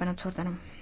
lõppenud, suur tänu!